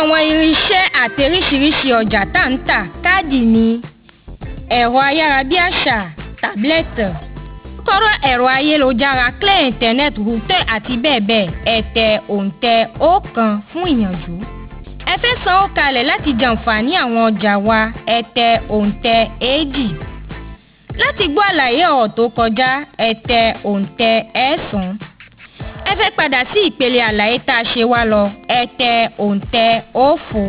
àwọn irinṣẹ́ àti oríṣiríṣi ọjà tá ń tà káàdì ni ẹ̀rọ ayárabíàṣá tábìlẹ̀tì tọrọ ẹ̀rọ ayélujára clé internet router àti bẹ́ẹ̀ bẹ́ẹ̀ ẹ tẹ òǹtẹ̀ ọ̀kan fún ìyànjú ẹ fẹ́ sanwó kalẹ̀ láti jàǹfààní àwọn ọjà wa ẹ tẹ òǹtẹ̀ èjì láti gbọ́ àlàyé ọ̀rọ̀ tó kọjá ẹ tẹ òǹtẹ̀ ẹ̀sán ẹ fẹ́ padà sí ìpele àlàyé tá a ṣe wá lọ tẹ òǹtẹ̀ òfo.